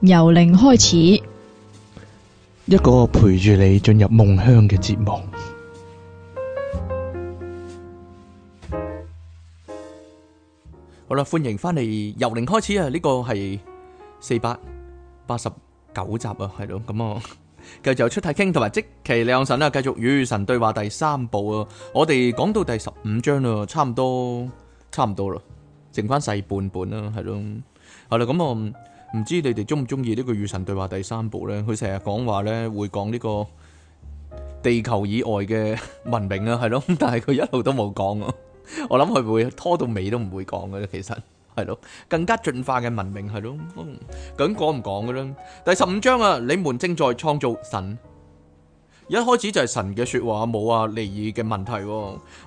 由零開始，一個陪住你進入夢鄉嘅節目。 好啦，歡迎翻嚟由零開始啊！呢、這個係四百八十九集啊，係咯，咁啊，繼續出體傾，同埋即其兩神啊，繼續與神對話第三部啊！我哋講到第十五章啦，差唔多，差唔多啦，剩翻細半本啦，係咯，係啦，咁啊。唔知你哋中唔中意呢個與神對話第三部咧？佢成日講話咧，會講呢個地球以外嘅文明啊，係咯？但係佢一路都冇講，我諗佢會拖到尾都唔會講嘅啫。其實係咯，更加進化嘅文明係咯，咁講唔講噶啦？第十五章啊，你們正在創造神，一開始就係神嘅說話冇啊，尼爾嘅問題。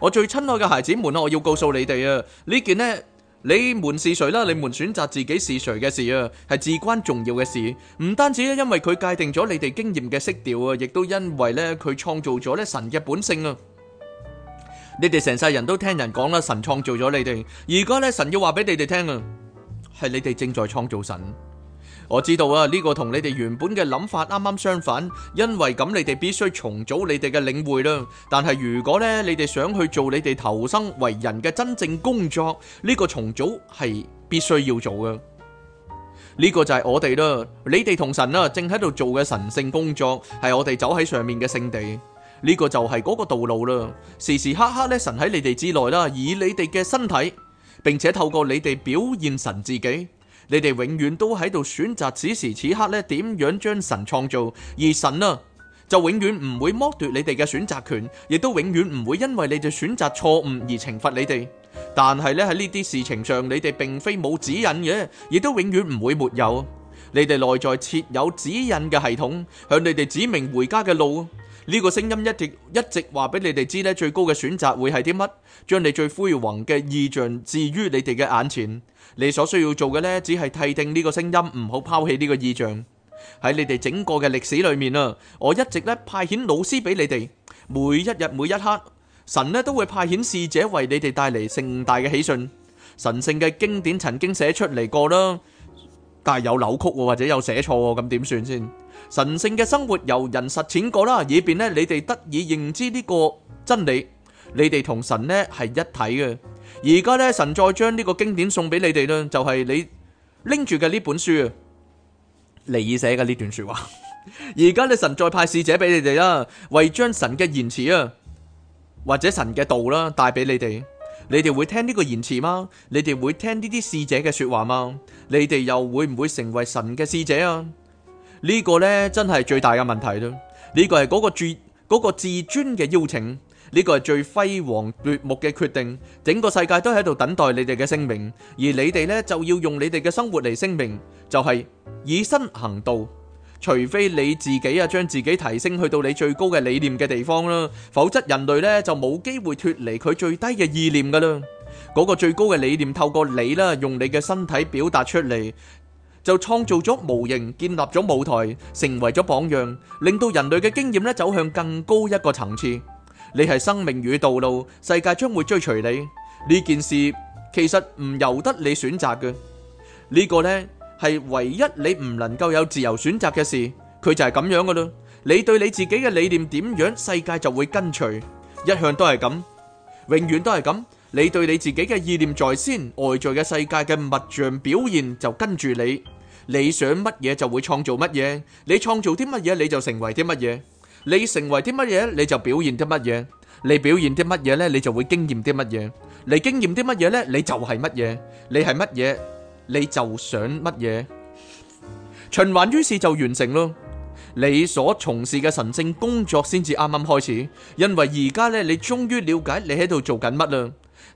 我最親愛嘅孩子們，我要告訴你哋啊，呢件呢。你們是誰啦？你們選擇自己是誰嘅事啊，係至關重要嘅事。唔單止因為佢界定咗你哋經驗嘅色調啊，亦都因為咧，佢創造咗咧神嘅本性啊。你哋成世人都聽人講啦，神創造咗你哋。而家咧，神要話俾你哋聽啊，係你哋正在創造神。我知道啊，呢個同你哋原本嘅諗法啱啱相反，因為咁你哋必須重組你哋嘅領會啦。但係如果呢，你哋想去做你哋投生為人嘅真正工作，呢個重組係必須要做嘅。呢個就係我哋啦，你哋同神啊正喺度做嘅神聖工作，係我哋走喺上面嘅聖地。呢個就係嗰個道路啦。時時刻刻呢，神喺你哋之內啦，以你哋嘅身體，並且透過你哋表現神自己。你哋永遠都喺度選擇此時此刻咧，點樣將神創造？而神啊，就永遠唔會剝奪你哋嘅選擇權，亦都永遠唔會因為你哋選擇錯誤而懲罰你哋。但係咧，喺呢啲事情上，你哋並非冇指引嘅，亦都永遠唔會沒有。你哋內在設有指引嘅系統，向你哋指明回家嘅路。呢個聲音一直一直話俾你哋知咧，最高嘅選擇會係啲乜？將你最輝煌嘅意象置於你哋嘅眼前，你所需要做嘅，呢，只係替定呢個聲音，唔好拋棄呢個意象。喺你哋整個嘅歷史裏面啊，我一直咧派遣老師俾你哋，每一日每一刻，神咧都會派遣使者為你哋帶嚟盛大嘅喜訊。神聖嘅經典曾經寫出嚟過啦，但係有扭曲或者有寫錯，咁點算先？神聖嘅生活由人實踐過啦，以便呢你哋得以認知呢個真理。你哋同神呢係一體嘅。而家呢，神再將呢個經典送俾你哋咧，就係、是、你拎住嘅呢本書啊，尼爾寫嘅呢段說話。而家你神再派使者俾你哋啦，為將神嘅言辭啊，或者神嘅道啦帶俾你哋。你哋會聽呢個言辭嗎？你哋會聽呢啲使者嘅說話嗎？你哋又會唔會成為神嘅使者啊？呢個呢，真係最大嘅問題咯，呢個係嗰個自、嗰個自尊嘅邀請，呢個係最輝煌奪目嘅決定，整個世界都喺度等待你哋嘅聲明，而你哋呢，就要用你哋嘅生活嚟聲明，就係以身行道。除非你自己啊將自己提升去到你最高嘅理念嘅地方啦，否則人類呢，就冇機會脫離佢最低嘅意念噶啦，嗰個最高嘅理念透過你啦，用你嘅身體表達出嚟。就創造咗模型，建立咗舞台，成為咗榜樣，令到人類嘅經驗咧走向更高一個層次。你係生命與道路，世界將會追隨你。呢件事其實唔由得你選擇嘅，呢個呢係唯一你唔能夠有自由選擇嘅事。佢就係咁樣㗎喇。你對你自己嘅理念點樣，世界就會跟隨。一向都係咁，永遠都係咁。你對你自己嘅意念在先，外在嘅世界嘅物象表現就跟住你。你想乜嘢就會創造乜嘢，你創造啲乜嘢你就成為啲乜嘢，你成為啲乜嘢你就表現啲乜嘢，你表現啲乜嘢咧你就會經驗啲乜嘢，你經驗啲乜嘢咧你就係乜嘢，你係乜嘢你就想乜嘢，循環於是就完成咯，你所從事嘅神聖工作先至啱啱開始，因為而家咧你終於了解你喺度做緊乜喇。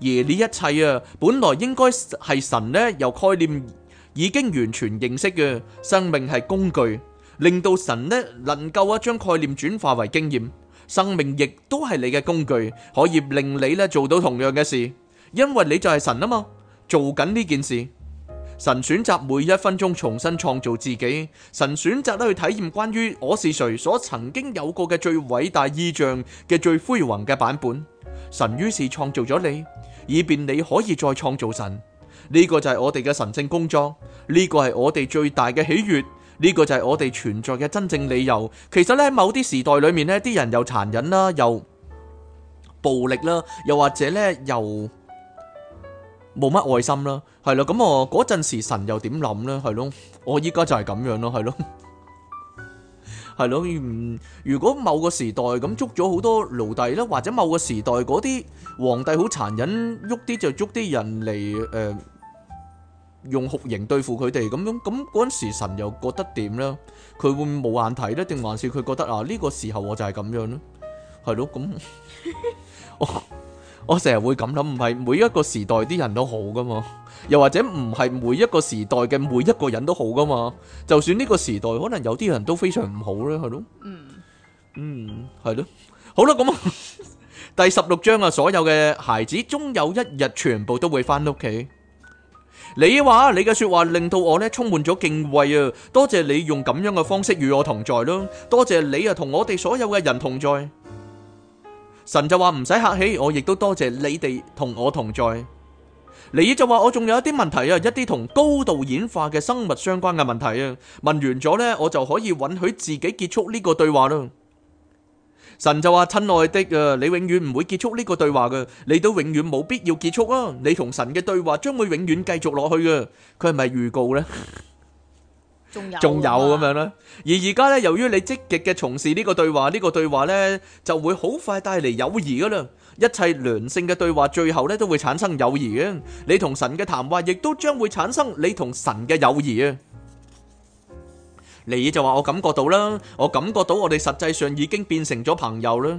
而呢一切啊，本來應該係神咧，由概念已經完全認識嘅生命係工具，令到神咧能夠啊將概念轉化為經驗。生命亦都係你嘅工具，可以令你咧做到同樣嘅事，因為你就係神啊嘛，做緊呢件事。神選擇每一分鐘重新創造自己，神選擇咧去體驗關於我是誰所曾經有過嘅最偉大意象嘅最輝煌嘅版本。神於是創造咗你，以便你可以再創造神。呢個就係我哋嘅神聖工作，呢個係我哋最大嘅喜悅，呢個就係我哋存在嘅真正理由。其實呢，某啲時代裏面呢，啲人又殘忍啦，又暴力啦，又或者呢，又冇乜愛心啦，係咯。咁我嗰陣時神又點諗呢？係咯，我依家就係咁樣咯，係咯。係咯，唔如果某個時代咁捉咗好多奴隸啦，或者某個時代嗰啲皇帝好殘忍，喐啲就捉啲人嚟，誒，用酷刑對付佢哋咁樣，咁嗰陣時神又覺得點呢？佢會唔會冇眼睇呢，定還是佢覺得啊，呢個時候我就係咁樣呢？係咯，咁。我成日會咁諗，唔係每一個時代啲人都好噶嘛，又或者唔係每一個時代嘅每一個人都好噶嘛，就算呢個時代可能有啲人都非常唔好咧，係咯。嗯，嗯，係咯。好啦，咁第十六章啊，所有嘅孩子終有一日全部都會翻屋企。你話你嘅說話令到我呢充滿咗敬畏啊！多謝你用咁樣嘅方式與我同在咯，多謝你啊同我哋所有嘅人同在。神就話唔使客氣，我亦都多謝你哋同我同在。尼就話我仲有一啲問題啊，一啲同高度演化嘅生物相關嘅問題啊。問完咗呢，我就可以允許自己結束呢個對話咯。神就話親愛的啊，你永遠唔會結束呢個對話噶，你都永遠冇必要結束啊。你同神嘅對話將會永遠繼續落去噶。佢係咪預告呢？ 仲有咁樣啦，而而家咧，由於你積極嘅從事呢個對話，呢個對話咧就會好快帶嚟友誼噶啦，一切良性嘅對話最後咧都會產生友誼嘅，你同神嘅談話亦都將會產生你同神嘅友誼啊！你就話我感覺到啦，我感覺到我哋實際上已經變成咗朋友啦。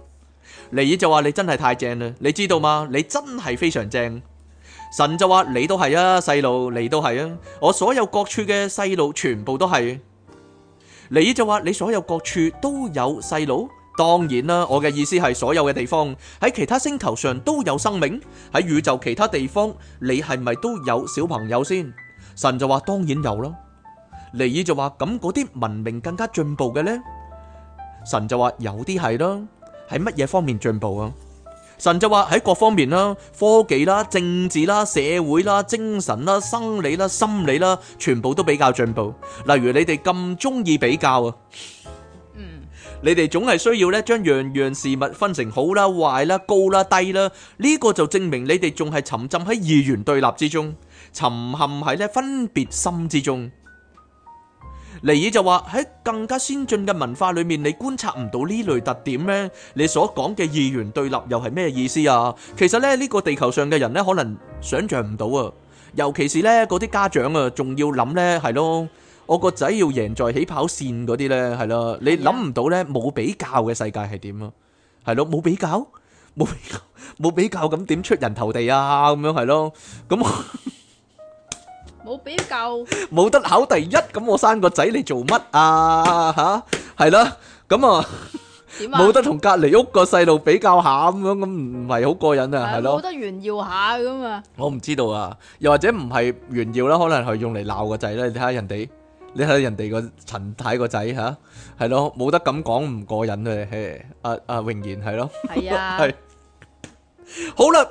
尼爾就話你真係太正啦，你知道嗎？你真係非常正。神就話你都係啊，細路，你都係啊，我所有各處嘅細路全部都係。尼爾就話你所有各處都有細路，當然啦、啊，我嘅意思係所有嘅地方喺其他星球上都有生命，喺宇宙其他地方你係咪都有小朋友先？神就話當然有咯。尼爾就話咁嗰啲文明更加進步嘅呢？神就話有啲係咯。喺乜嘢方面進步啊？神就話喺各方面啦，科技啦、政治啦、社會啦、精神啦、生理啦、心理啦，全部都比較進步。例如你哋咁中意比較啊，嗯，你哋總係需要咧將樣樣事物分成好啦、壞啦、高啦、低啦，呢個就證明你哋仲係沉浸喺二元對立之中，沉陷喺咧分別心之中。尼爾就話：喺更加先進嘅文化裏面，你觀察唔到呢類特點咩？你所講嘅二元對立又係咩意思啊？其實咧，呢個地球上嘅人咧，可能想像唔到啊。尤其是咧，嗰啲家長啊，仲要諗咧，係咯，我個仔要贏在起跑線嗰啲咧，係咯，你諗唔到咧，冇比較嘅世界係點啊？係咯，冇比較，冇比較，冇比較咁點出人頭地啊？咁樣係咯，咁。冇比較，冇得考第一，咁我生個仔嚟做乜啊？吓，係咯，咁啊，冇得同隔籬屋個細路比較下咁樣，咁唔係好過癮啊？係咯，冇得炫耀下咁啊。我唔知道啊，又或者唔係炫耀啦，可能係用嚟鬧個仔啦。你睇下人哋，你睇下人哋個陳太個仔吓，係咯，冇得咁講唔過癮啊。誒，阿阿榮賢，係咯，係啊，係好啦。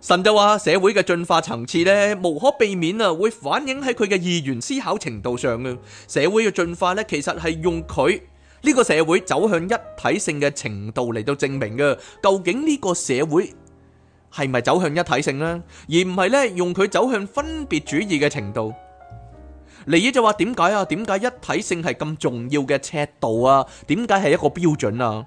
神就話社會嘅進化層次咧，無可避免啊，會反映喺佢嘅二元思考程度上啊。社會嘅進化咧，其實係用佢呢個社會走向一體性嘅程度嚟到證明嘅。究竟呢個社會係咪走向一體性呢？而唔係咧用佢走向分別主義嘅程度。尼爾就話點解啊？點解一體性係咁重要嘅尺度啊？點解係一個標準啊？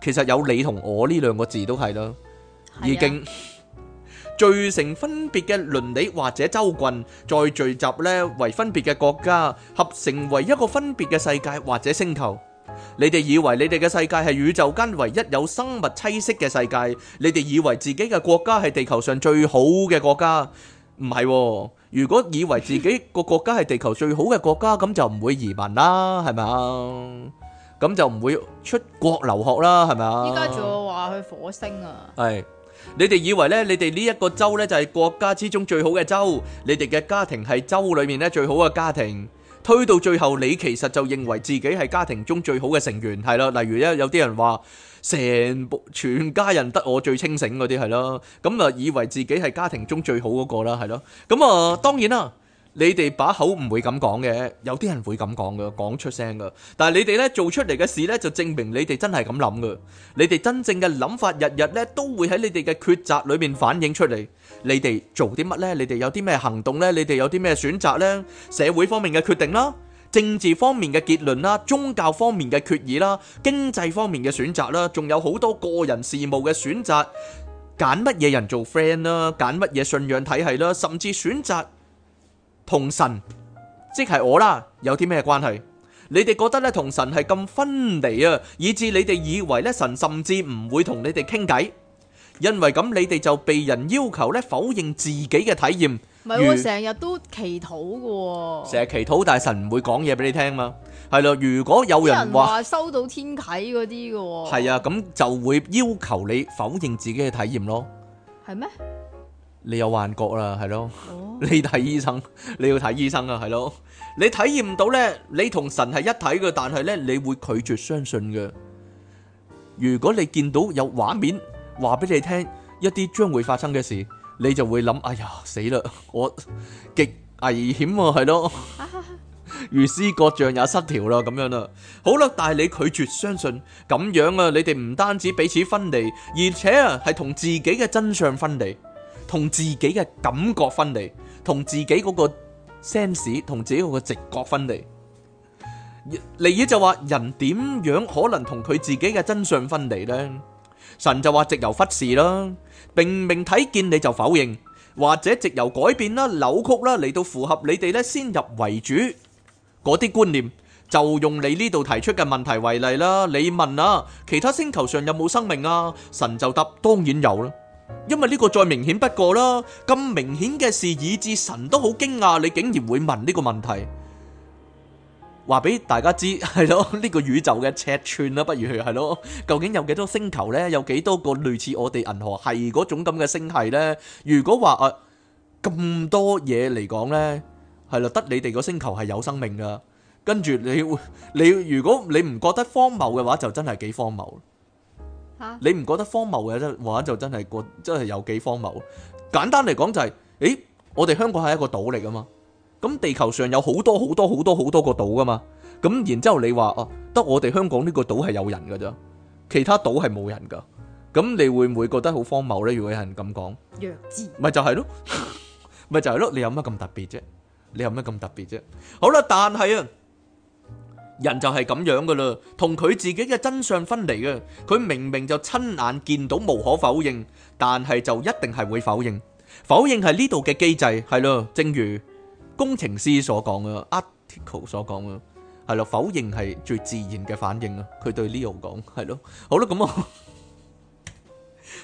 其實有你同我呢兩個字都係啦，已經聚成分別嘅鄰里或者州郡，再聚集呢為分別嘅國家，合成為一個分別嘅世界或者星球。你哋以為你哋嘅世界係宇宙間唯一有生物棲息嘅世界？你哋以為自己嘅國家係地球上最好嘅國家？唔係，如果以為自己個國家係地球最好嘅國家，咁就唔會移民啦，係咪啊？咁就唔會出國留學啦，係咪啊？依家仲有話去火星啊？係你哋以為咧，你哋呢一個州咧就係國家之中最好嘅州，你哋嘅家庭係州裏面咧最好嘅家庭，推到最後你其實就認為自己係家庭中最好嘅成員，係咯？例如咧，有啲人話成全家人得我最清醒嗰啲，係咯？咁啊，以為自己係家庭中最好嗰個啦，係咯？咁啊，當然啊。你哋把口唔會咁講嘅，有啲人會咁講嘅，講出聲噶。但係你哋咧做出嚟嘅事咧，就證明你哋真係咁諗嘅。你哋真正嘅諗法，日日咧都會喺你哋嘅抉擇裏面反映出嚟。你哋做啲乜呢？你哋有啲咩行動呢？你哋有啲咩選擇呢？社會方面嘅決定啦，政治方面嘅結論啦，宗教方面嘅決議啦，經濟方面嘅選擇啦，仲有好多個人事務嘅選擇，揀乜嘢人做 friend 啦，揀乜嘢信仰體系啦，甚至選擇。同神，即係我啦，有啲咩關係？你哋覺得咧，同神係咁分離啊，以至你哋以為咧，神甚至唔會同你哋傾偈，因為咁你哋就被人要求咧否認自己嘅體驗。唔係，我成日都祈禱㗎，成日祈禱，但係神唔會講嘢俾你聽嘛。係喇，如果有人話收到天啟嗰啲㗎，係啊，咁就會要求你否認自己嘅體驗咯。係咩？你有幻覺啦，係咯？你睇醫生，你要睇醫生啊，係咯？你體驗到呢，你同神係一體嘅，但係呢，你會拒絕相信嘅。如果你見到有畫面話俾你聽一啲將會發生嘅事，你就會諗：哎呀，死啦！我極危險啊，係咯？如思覺像也失調啦，咁樣啦，好啦。但係你拒絕相信咁樣啊，你哋唔單止彼此分離，而且啊，係同自己嘅真相分離。同自己嘅感覺分離，同自己嗰個 sense，同自己個直覺分離。尼爾就話人點樣可能同佢自己嘅真相分離呢？神就話藉由忽視啦，明明睇見你就否認，或者藉由改變啦、扭曲啦，嚟到符合你哋咧先入為主嗰啲觀念。就用你呢度提出嘅問題為例啦，你問啊，其他星球上有冇生命啊？神就答當然有啦。因為呢個再明顯不過啦，咁明顯嘅事，以至神都好驚訝，你竟然會問呢個問題，話俾大家知係咯，呢個宇宙嘅尺寸啦，不如去，係咯，究竟有幾多星球呢？有幾多個類似我哋銀河系嗰種咁嘅星系呢？如果話誒咁多嘢嚟講呢，係啦，得你哋個星球係有生命噶，跟住你你，你如果你唔覺得荒謬嘅話，就真係幾荒謬。你唔覺得荒謬嘅話，就真係個，真係有幾荒謬。簡單嚟講就係、是，誒，我哋香港係一個島嚟噶嘛。咁地球上有好多好多好多好多個島噶嘛。咁然之後你話啊，得我哋香港呢個島係有人噶啫，其他島係冇人噶。咁你會唔會覺得好荒謬呢？如果有人咁講，弱智，咪就係咯，咪 就係咯。你有乜咁特別啫？你有乜咁特別啫？好啦，但係啊。人就係咁樣噶啦，同佢自己嘅真相分離嘅。佢明明就親眼見到無可否認，但係就一定係會否認。否認係呢度嘅機制係咯，正如工程師所講嘅，article 所講嘅，係咯，否認係最自然嘅反應啊。佢對 Leo 講係咯，好啦，咁啊，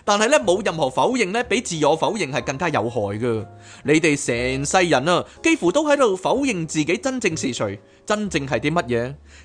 但係呢，冇任何否認呢，比自我否認係更加有害噶。你哋成世人啊，幾乎都喺度否認自己真正是誰，真正係啲乜嘢。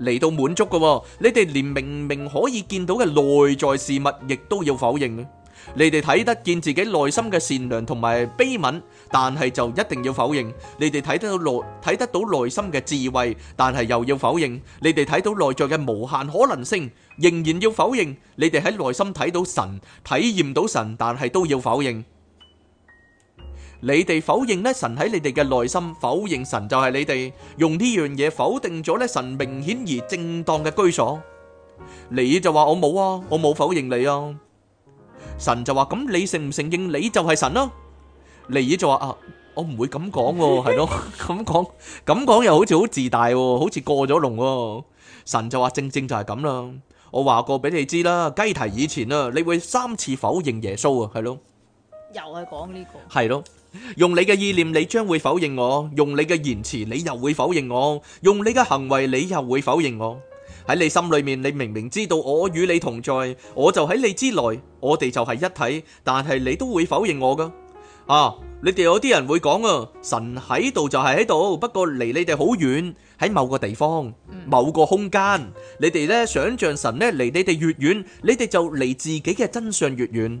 嚟到滿足㗎喎，你哋連明明可以見到嘅內在事物，亦都要否認。你哋睇得見自己內心嘅善良同埋悲憫，但係就一定要否認。你哋睇得到內睇得到內心嘅智慧，但係又要否認。你哋睇到內在嘅無限可能性，仍然要否認。你哋喺內心睇到神，體驗到神，但係都要否認。你哋否認咧，神喺你哋嘅內心否認神，就係你哋用呢樣嘢否定咗咧神明顯而正當嘅居所。尼爾就話，我冇啊，我冇否認你啊。神就話，咁你承唔承認你就係神啊？尼爾就話啊，我唔會咁講喎，係咯，咁講咁講又好似好自大，好似過咗龍。神就話，正正就係咁啦，我話過俾你知啦，雞啼以前啊，你會三次否認耶穌啊，係咯，又係講呢個係咯。用你嘅意念，你將會否認我；用你嘅言辭，你又會否認我；用你嘅行為，你又會否認我。喺你心裏面，你明明知道我與你同在，我就喺你之內，我哋就係一體，但係你都會否認我噶。啊，你哋有啲人會講啊，神喺度就係喺度，不過離你哋好遠，喺某個地方、某個空間。你哋咧想象神咧離你哋越遠，你哋就離自己嘅真相越遠。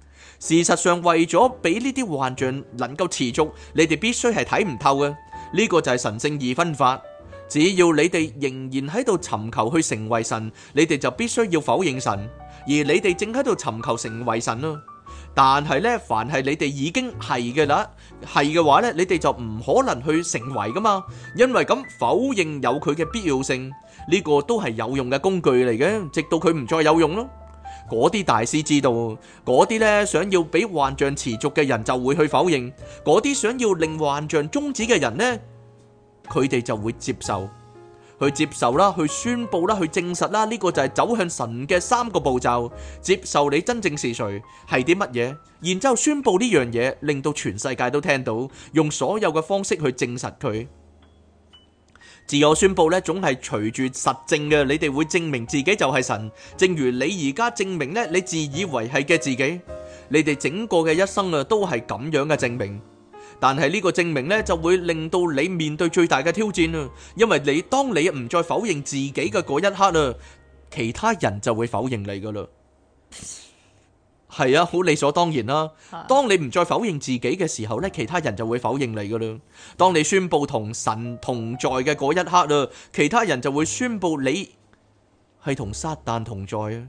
事實上，為咗俾呢啲幻象能夠持續，你哋必須係睇唔透嘅。呢個就係神聖二分法。只要你哋仍然喺度尋求去成為神，你哋就必須要否認神。而你哋正喺度尋求成為神咯。但係呢，凡係你哋已經係嘅啦，係嘅話呢，你哋就唔可能去成為噶嘛。因為咁否認有佢嘅必要性，呢個都係有用嘅工具嚟嘅，直到佢唔再有用咯。嗰啲大師知道，嗰啲呢想要俾幻象持續嘅人就會去否認，嗰啲想要令幻象終止嘅人呢，佢哋就會接受，去接受啦，去宣布啦，去證實啦，呢個就係走向神嘅三個步驟：接受你真正是誰，係啲乜嘢，然之後宣布呢樣嘢，令到全世界都聽到，用所有嘅方式去證實佢。自我宣布咧，總係隨住實證嘅，你哋會證明自己就係神。正如你而家證明咧，你自以為係嘅自己，你哋整個嘅一生啊，都係咁樣嘅證明。但係呢個證明咧，就會令到你面對最大嘅挑戰啊！因為你當你唔再否認自己嘅嗰一刻喇，其他人就會否認你噶啦。係啊，好理所當然啦，啊。當你唔再否認自己嘅時候咧，其他人就會否認你噶啦。當你宣佈同神同在嘅嗰一刻啦，其他人就會宣佈你係同撒旦同在啊。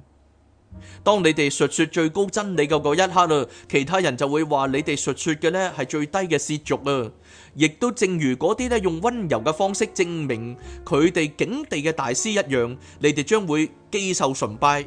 當你哋述説最高真理嘅嗰一刻啦，其他人就會話你哋述説嘅咧係最低嘅褻瀆啊。亦都正如嗰啲咧用温柔嘅方式證明佢哋境地嘅大師一樣，你哋將會受崇拜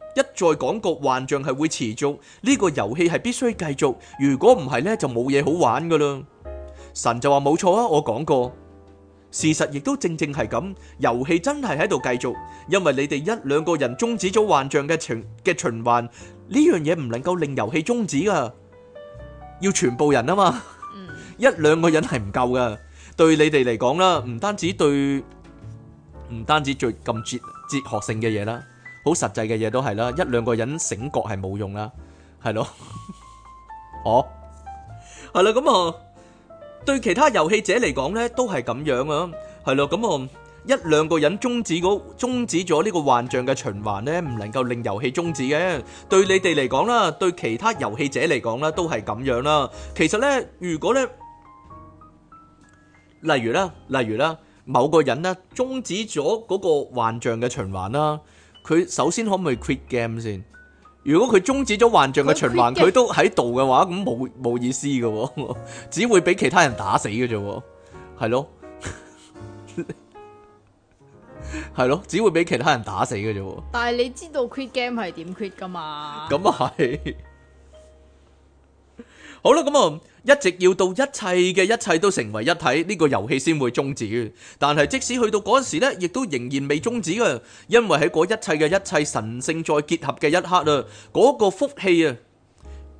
一再講個幻象係會持續，呢、這個遊戲係必須繼續。如果唔係呢，就冇嘢好玩噶啦。神就話冇錯啊，我講過。事實亦都正正係咁，遊戲真係喺度繼續。因為你哋一兩個人終止咗幻象嘅循嘅循環，呢樣嘢唔能夠令遊戲終止噶。要全部人啊嘛， 一兩個人係唔夠噶。對你哋嚟講啦，唔單止對，唔單止最咁哲哲學性嘅嘢啦。好實際嘅嘢都係啦，一兩個人醒覺係冇用啦，係咯，哦，係啦，咁啊，對其他遊戲者嚟講咧，都係咁樣啊，係咯，咁啊，一兩個人終止咗終止咗呢個幻象嘅循環咧，唔能夠令遊戲終止嘅，對你哋嚟講啦，對其他遊戲者嚟講咧，都係咁樣啦。其實咧，如果咧，例如啦，例如啦，某個人咧終止咗嗰個幻象嘅循環啦。佢首先可唔可以 quit game 先？如果佢終止咗幻象嘅循環，佢 quit game 都喺度嘅話，咁冇冇意思嘅喎， 只會俾其他人打死嘅啫，係咯， 係咯，只會俾其他人打死嘅啫。但係你知道 quit game 係點 quit 噶嘛？咁係樣。 好啦，咁、嗯、啊。一直要到一切嘅一切都成為一體，呢個遊戲先會終止。但係即使去到嗰時呢，亦都仍然未終止啊，因為喺嗰一切嘅一切神聖再結合嘅一刻啊，嗰個福氣啊，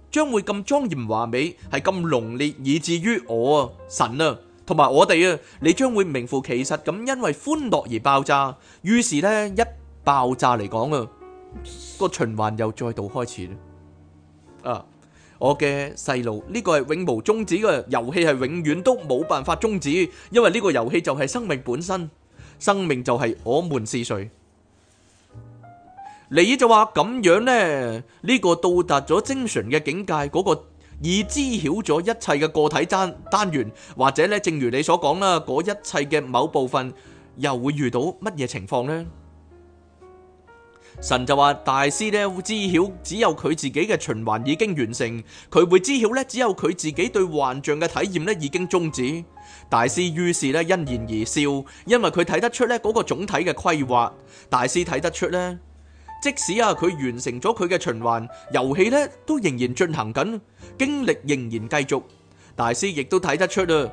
將會咁莊嚴華美，係咁濃烈，以至於我啊神啊同埋我哋啊，你將會名副其實咁，因為歡樂而爆炸。於是呢，一爆炸嚟講啊，個循環又再度開始啊。我嘅細路，呢個係永無終止嘅遊戲，係永遠都冇辦法終止，因為呢個遊戲就係生命本身，生命就係我們是誰。你就話咁樣咧，呢個到達咗精神嘅境界嗰個已知曉咗一切嘅個體單單元，或者咧，正如你所講啦，嗰一切嘅某部分，又會遇到乜嘢情況咧？神就話：大師咧，會知曉只有佢自己嘅循環已經完成，佢會知曉咧，只有佢自己對幻象嘅體驗咧已經終止。大師於是咧，欣然而笑，因為佢睇得出咧，嗰個總體嘅規劃。大師睇得出咧，即使啊佢完成咗佢嘅循環，遊戲咧都仍然進行緊，經歷仍然繼續。大師亦都睇得出啊，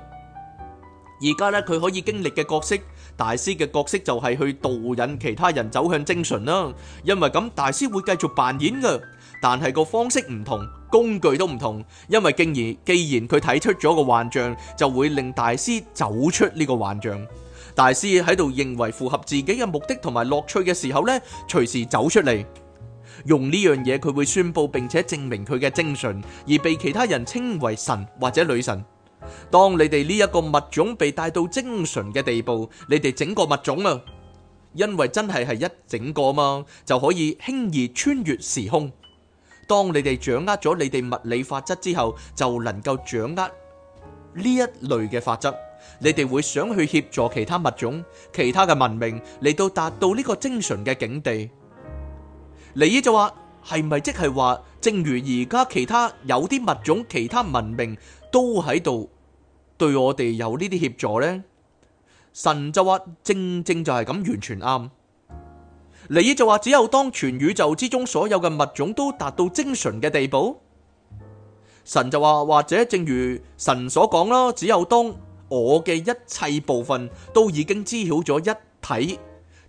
而家咧佢可以經歷嘅角色。大師嘅角色就係去導引其他人走向精神啦，因為咁大師會繼續扮演噶，但係個方式唔同，工具都唔同。因為竟然既然既然佢睇出咗個幻象，就會令大師走出呢個幻象。大師喺度認為符合自己嘅目的同埋樂趣嘅時候呢，隨時走出嚟，用呢樣嘢佢會宣布並且證明佢嘅精神，而被其他人稱為神或者女神。當你哋呢一個物種被帶到精神嘅地步，你哋整個物種啊，因為真係係一整個嘛，就可以輕易穿越時空。當你哋掌握咗你哋物理法則之後，就能夠掌握呢一類嘅法則。你哋會想去協助其他物種、其他嘅文明嚟到達到呢個精神嘅境地。尼爾就話：係咪即係話，正如而家其他有啲物種、其他文明？都喺度對我哋有呢啲協助呢？神就話，正正就係咁，完全啱。你就話，只有當全宇宙之中所有嘅物種都達到精純嘅地步。神就話，或者正如神所講咯，只有當我嘅一切部分都已經知曉咗一體，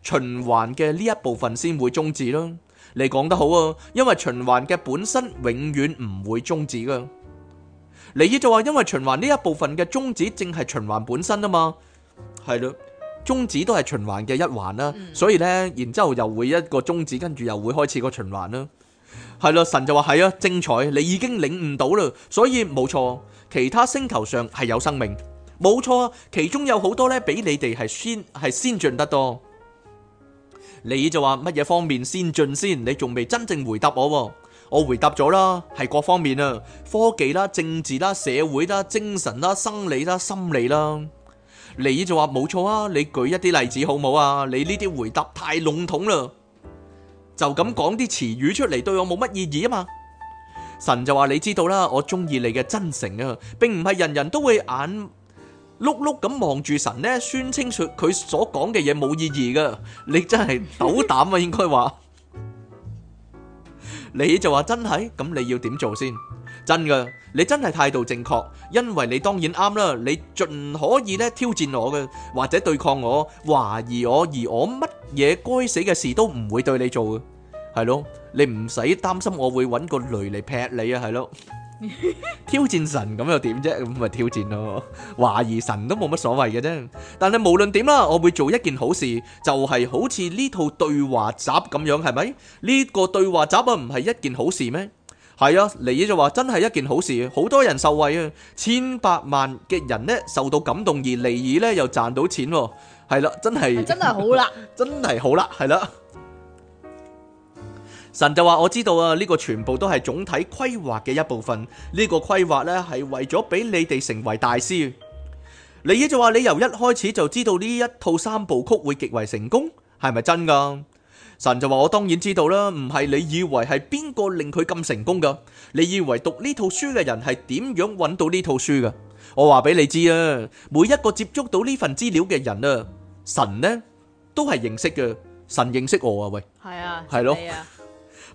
循環嘅呢一部分先會終止咯。你講得好啊，因為循環嘅本身永遠唔會終止噶。你就話，因為循環呢一部分嘅終止正係循環本身啊嘛，係咯，終止都係循環嘅一環啦，所以咧，然之後又會一個終止，跟住又會開始個循環啦，係咯，神就話，係啊，精彩，你已經領悟到啦，所以冇錯，其他星球上係有生命，冇錯，其中有好多咧比你哋係先係先進得多，你就話乜嘢方面先進先，你仲未真正回答我啊。我回答咗啦，係各方面啊，科技啦、政治啦、社會啦、精神啦、生理啦、心理啦。你就話冇錯啊，你舉一啲例子好唔好啊？你呢啲回答太籠統啦，就咁講啲詞語出嚟，對我冇乜意義啊嘛。神就話，你知道啦，我中意你嘅真誠啊，並唔係人人都會眼碌碌咁望住神呢，宣稱說佢所講嘅嘢，冇意義噶。你真係斗膽啊，應該話。你就話真係，咁你要點做先？真噶，你真係態度正確，因為你當然啱啦。你盡可以咧挑戰我嘅，或者對抗我，懷疑我，而我乜嘢該死嘅事都唔會對你做嘅，係咯？你唔使擔心我會搵個雷嚟劈你啊，係咯？挑戰神咁又點啫？咁咪挑戰咯，懷疑神都冇乜所謂嘅啫。但係無論點啦，我會做一件好事，就係、是、好似呢套對話集咁樣，係咪？呢、這個對話集啊，唔係一件好事咩？係啊，尼爾就話真係一件好事，好多人受惠啊，千百萬嘅人呢受到感動，而尼爾呢又賺到錢，係啦、啊，真係真係好啦， 真係好啦，係啦、啊。神就話我知道啊，呢個全部都係總體規劃嘅一部分。呢個規劃呢係為咗俾你哋成為大師。你亦就話你由一開始就知道呢一套三部曲會極為成功，係咪真噶？神就話我當然知道啦，唔係你以為係邊個令佢咁成功噶？你以為讀呢套書嘅人係點樣揾到呢套書噶？我話俾你知啊，每一個接觸到呢份資料嘅人啊，神呢都係認識嘅。神認識我啊，喂，係啊，係咯。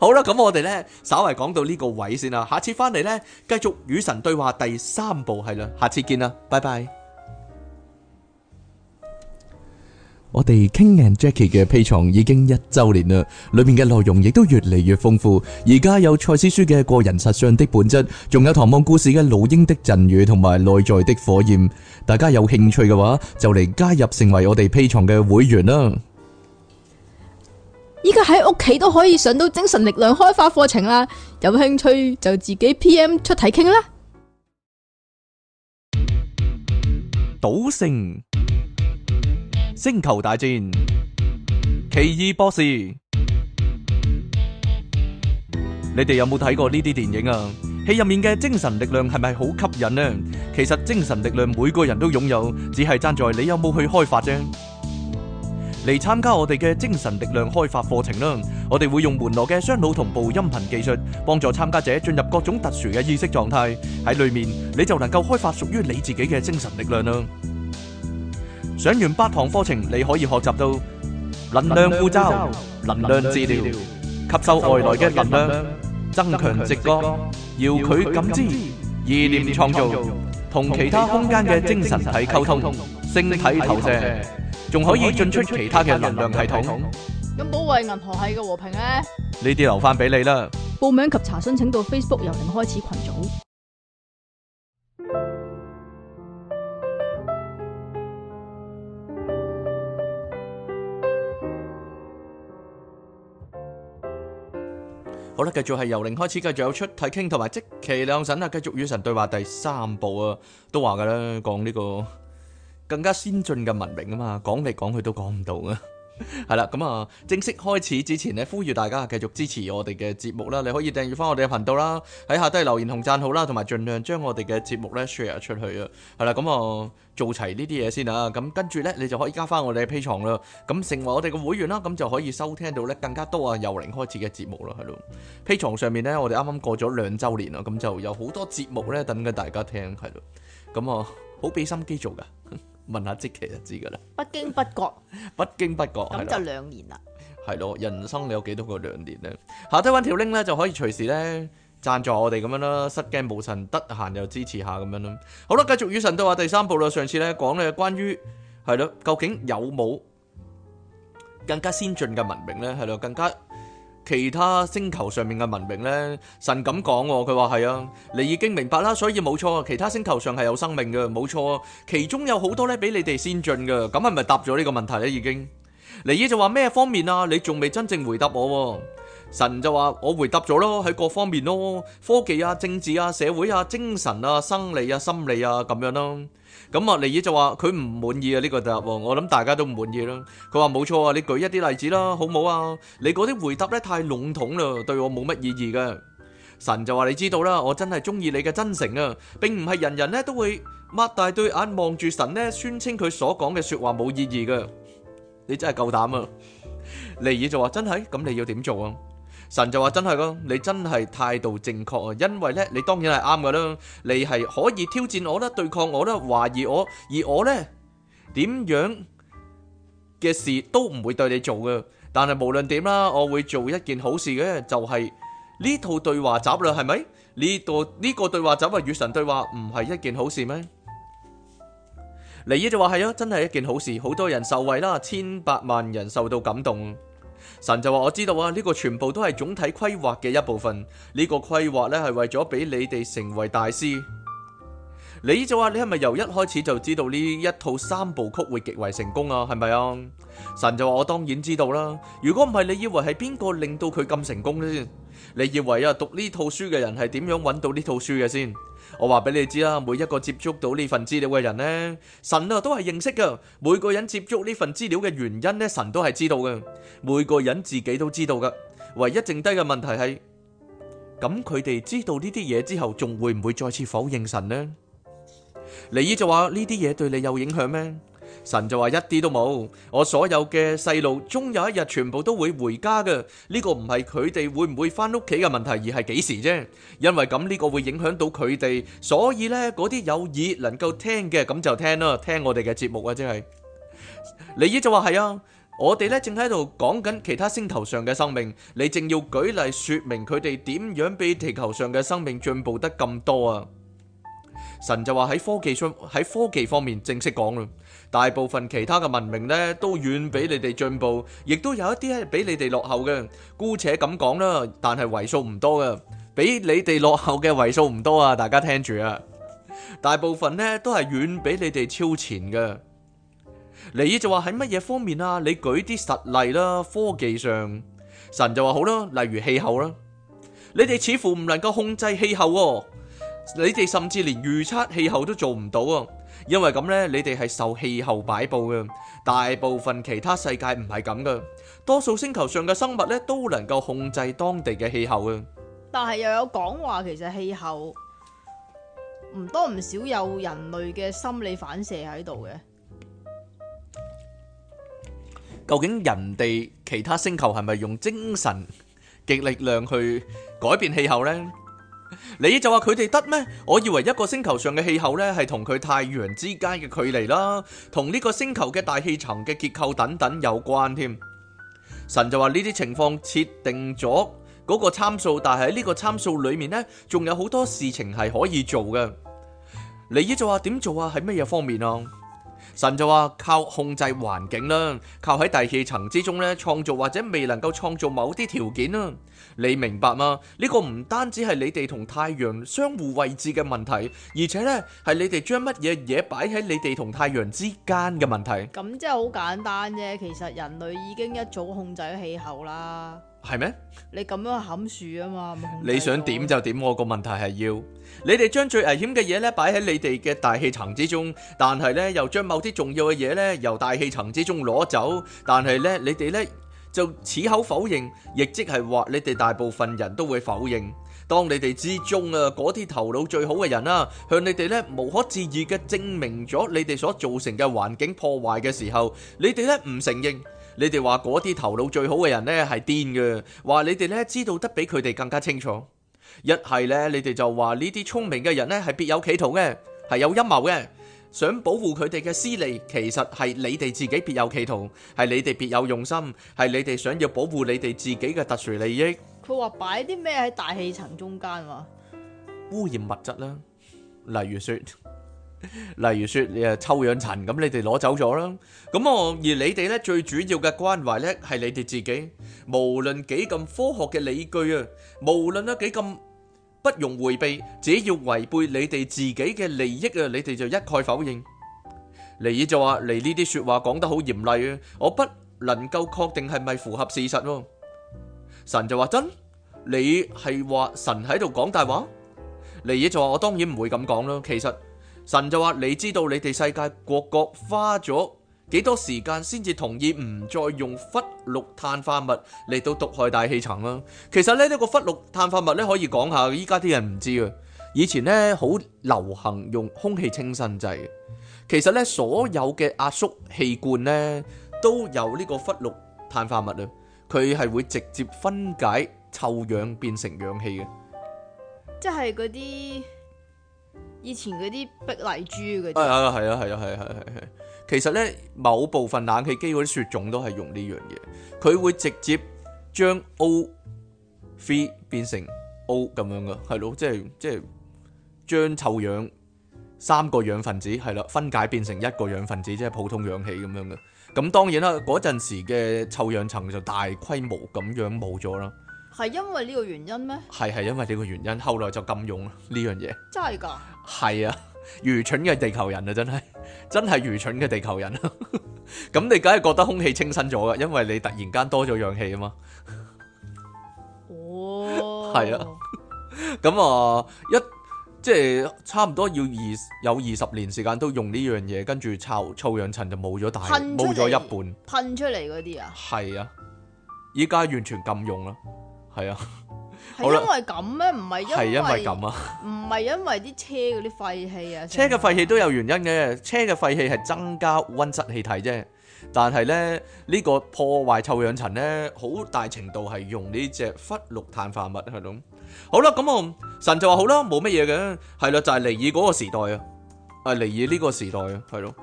好啦，咁我哋呢，稍為講到呢個位先啦。下次翻嚟呢，繼續與神對話第三部係啦。下次見啦，拜拜。我哋 King and Jackie 嘅 Patreon 已經一周年啦，裏面嘅內容亦都越嚟越豐富。而家有賽斯書嘅個人實相的本質，仲有唐望故事嘅老鷹的贈語同埋內在的火焰。大家有興趣嘅話，就嚟加入成為我哋 Patreon 嘅會員啦。依家喺屋企都可以上到精神力量開發課程啦，有興趣就自己 PM 出題傾啦。賭聖、星球大戰、奇異博士，你哋有冇睇過呢啲電影啊？戲入面嘅精神力量係咪好吸引呢？其實精神力量每個人都擁有，只係爭在你有冇去開發啫。嚟參加我哋嘅精神力量開發課程啦！我哋會用門羅嘅雙腦同步音頻技術，幫助參加者進入各種特殊嘅意識狀態。喺裏面你就能夠開發屬於你自己嘅精神力量啦！上完八堂課程，你可以學習到能量護罩、能量治療、吸收外來嘅能量、增強直覺、遙距感知、意念創造、同其他空間嘅精神體溝通、星體投射。仲可，可以進出其他嘅能量系統。咁保衛銀河系嘅和平咧？呢啲留翻俾你啦。報名及查詢請到 Facebook 由零開始群組。好啦，繼續係由零開始，繼續有出嚟傾，同埋即期兩神啊，繼續與神對話。第三部啊，都話噶啦，講呢、這個。更加先進嘅文明啊嘛，講嚟講去都講唔到啊。係 啦，咁、嗯、啊，正式開始之前呢，呼籲大家繼續支持我哋嘅節目啦。你可以訂閱翻我哋嘅頻道啦，喺下低留言同讚好啦，同埋盡量將我哋嘅節目咧 share 出去啊。係啦，咁、嗯、啊、嗯，做齊呢啲嘢先啊。咁、嗯、跟住呢，你就可以加翻我哋嘅 P 床啦。咁、嗯、成為我哋嘅會員啦，咁、嗯嗯、就可以收聽到呢更加多啊由零開始嘅節目啦，係咯。P 床上面呢，我哋啱啱過咗兩週年啦，咁、嗯、就有好多節目呢等緊大家聽，係咯。咁、嗯、啊、嗯，好俾心機做㗎。 問下即奇就知㗎啦，不經不覺，不經不覺，咁就兩年啦。係咯，人生你有幾多個兩年呢？下底揾條 link 咧就可以隨時咧贊助我哋咁樣啦，失驚無神，得閒又支持下咁樣啦。好啦，繼續與神對話第三部啦。上次咧講咧關於係咯，究竟有冇更加先進嘅文明咧？係咯，更加。其他星球上面嘅文明呢，神咁講喎，佢話係啊，你已經明白啦，所以冇錯，其他星球上係有生命嘅，冇錯，其中有好多呢，比你哋先進㗎，咁係咪答咗呢個問題呢？已經，尼爾就話咩方面啊？你仲未真正回答我喎，神就話我回答咗咯，喺各方面咯，科技啊、政治啊、社會啊、精神啊、生理啊、心理啊咁樣咯。咁啊，尼爾就話佢唔滿意啊呢個答案，我諗大家都唔滿意啦。佢話冇錯啊，你舉一啲例子啦，好唔好啊？你嗰啲回答咧太籠統啦，對我冇乜意義噶。神就話你知道啦，我真係中意你嘅真誠啊，並唔係人人咧都會擘大對眼望住神咧，宣稱佢所講嘅說話冇意義噶。你真係夠膽啊！尼爾就話真係，咁你要點做啊？神就話真係咯，你真係態度正確啊，因為呢你當然係啱噶啦，你係可以挑戰我啦，對抗我啦，懷疑我，而我呢點樣嘅事都唔會對你做嘅。但係無論點啦，我會做一件好事嘅，就係呢套對話集啦，係咪？呢度呢個對話集啊，與神對話唔係一件好事咩？尼耶就話係啊，真係一件好事，好多人受惠啦，千百萬人受到感動。神就話，我知道啊，呢個全部都係總體規劃嘅一部分，呢個規劃咧係為咗俾你哋成為大師。你就話你係咪由一開始就知道呢一套三部曲會極為成功啊？係咪啊？神就話，我當然知道啦，如果唔係你以為係邊個令到佢咁成功呢？你以為啊，讀呢套書嘅人係點樣揾到呢套書嘅先？我話俾你知啦，每一個接觸到呢份資料嘅人呢，神啊都係認識噶。每個人接觸呢份資料嘅原因呢，神都係知道噶。每個人自己都知道噶。唯一剩低嘅問題係，咁佢哋知道呢啲嘢之後，仲會唔會再次否認神呢？你依就話呢啲嘢對你有影響咩？神就話一啲都冇，我所有嘅細路終有一日全部都會回家嘅，呢個唔係佢哋會唔會返屋企嘅問題，而係幾時啫？因為咁呢個會影響到佢哋，所以呢嗰啲有意能夠聽嘅咁就聽啦，聽我哋嘅節目啊，真係。李姨就話係啊，我哋呢正喺度講緊其他星球上嘅生命，你正要舉例說明佢哋點樣比地球上嘅生命進步得咁多啊？神就話喺科技上，喺科技方面正式講啦。大部分其他嘅文明呢，都遠比你哋進步，亦都有一啲係比你哋落後嘅。姑且咁講啦，但係為數唔多嘅，比你哋落後嘅為數唔多啊！大家聽住啊，大部分呢都係遠比你哋超前嘅。你就話喺乜嘢方面啊？你舉啲實例啦、啊，科技上，神就話好啦、啊，例如氣候啦、啊，你哋似乎唔能夠控制氣候哦、啊，你哋甚至連預測氣候都做唔到啊！因為咁呢，你哋係受氣候擺佈嘅。大部分其他世界唔係咁嘅，多數星球上嘅生物呢，都能夠控制當地嘅氣候嘅。但係又有講話，其實氣候唔多唔少有人類嘅心理反射喺度嘅。究竟人哋其他星球係咪用精神嘅力量去改變氣候呢？你就話佢哋得咩？我以為一個星球上嘅氣候呢係同佢太陽之間嘅距離啦，同呢個星球嘅大氣層嘅結構等等有關添。神就話呢啲情況設定咗嗰個參數，但係喺呢個參數裏面呢，仲有好多事情係可以做嘅。你就話點做啊？係乜嘢方面啊？神就話靠控制環境啦，靠喺大氣層之中咧創造或者未能夠創造某啲條件啊，你明白嗎？呢個唔單止係你哋同太陽相互位置嘅問題，而且咧係你哋將乜嘢嘢擺喺你哋同太陽之間嘅問題。咁即係好簡單啫，其實人類已經一早控制咗氣候啦。係咩？你咁樣砍樹啊嘛？你想點就點，我個問題係要你哋將最危險嘅嘢咧擺喺你哋嘅大氣層之中，但係咧又將某啲重要嘅嘢咧由大氣層之中攞走，但係咧你哋咧就矢口否認，亦即係話你哋大部分人都會否認。當你哋之中啊嗰啲頭腦最好嘅人啊向你哋咧無可置疑嘅證明咗你哋所造成嘅環境破壞嘅時候，你哋咧唔承認。你哋話嗰啲頭腦最好嘅人呢係癲嘅，話你哋呢知道得比佢哋更加清楚。一係呢，你哋就話呢啲聰明嘅人呢係別有企圖嘅，係有陰謀嘅，想保護佢哋嘅私利，其實係你哋自己別有企圖，係你哋別有用心，係你哋想要保護你哋自己嘅特殊利益。佢話擺啲咩喺大氣層中間啊？污染物質啦，例如說。例如說誒，臭氧層咁，你哋攞走咗啦。咁我而你哋咧，最主要嘅關懷咧，係你哋自己。無論幾咁科學嘅理據啊，無論啊幾咁不容回避，只要違背你哋自己嘅利益啊，你哋就一概否認。尼爾就話：你呢啲說話講得好嚴厲啊，我不能夠確定係咪符合事實咯。神就話：真？你係話神喺度講大話。尼爾就話：我當然唔會咁講啦，其實。神就話：你知道你哋世界各國花咗幾多時間先至同意唔再用氟氯碳化物嚟到毒害大氣層啦？其實咧，呢個氟氯碳化物咧，可以講下，依家啲人唔知啊。以前咧，好流行用空氣清新劑，其實咧，所有嘅壓縮氣罐咧都有呢個氟氯碳化物啊，佢係會直接分解臭氧變成氧氣嘅，即係嗰啲。以前嗰啲碧麗珠嗰啲係啊係啊係啊係啊係係、啊啊、其實咧某部分冷氣機嗰啲雪種都係用呢樣嘢，佢會直接將 O3 變成 O 咁樣嘅，係咯、啊，即係即係將臭氧三個氧分子係啦、啊、分解變成一個氧分子，即係普通氧氣咁樣嘅。咁當然啦，嗰陣時嘅臭氧層就大規模咁樣冇咗啦。係因為呢個原因咩？係係因為呢個原因，後來就禁用呢樣嘢。真係噶？係啊，愚蠢嘅地球人啊，真係真係愚蠢嘅地球人啊！咁 你梗係覺得空氣清新咗噶，因為你突然間多咗氧氣啊嘛。 哦。係啊。咁啊，一即係、就是、差唔多要二有二十年時間都用呢樣嘢，跟住，臭臭氧層就冇咗，大，冇咗一半。噴出嚟嗰啲啊？係啊，依家完全禁用啦。係啊，係因為咁咩？唔係因為係因為咁啊？唔係因為啲車嗰啲廢氣啊？車嘅廢氣都有原因嘅，車嘅廢氣係增加温室氣體啫。但係咧呢個破壞臭氧層咧，好大程度係用呢隻氟氯碳化物係咯。好啦，咁啊，神就話好啦，冇乜嘢嘅，係啦就係尼爾嗰個時代啊，啊尼爾呢個時代啊，係咯。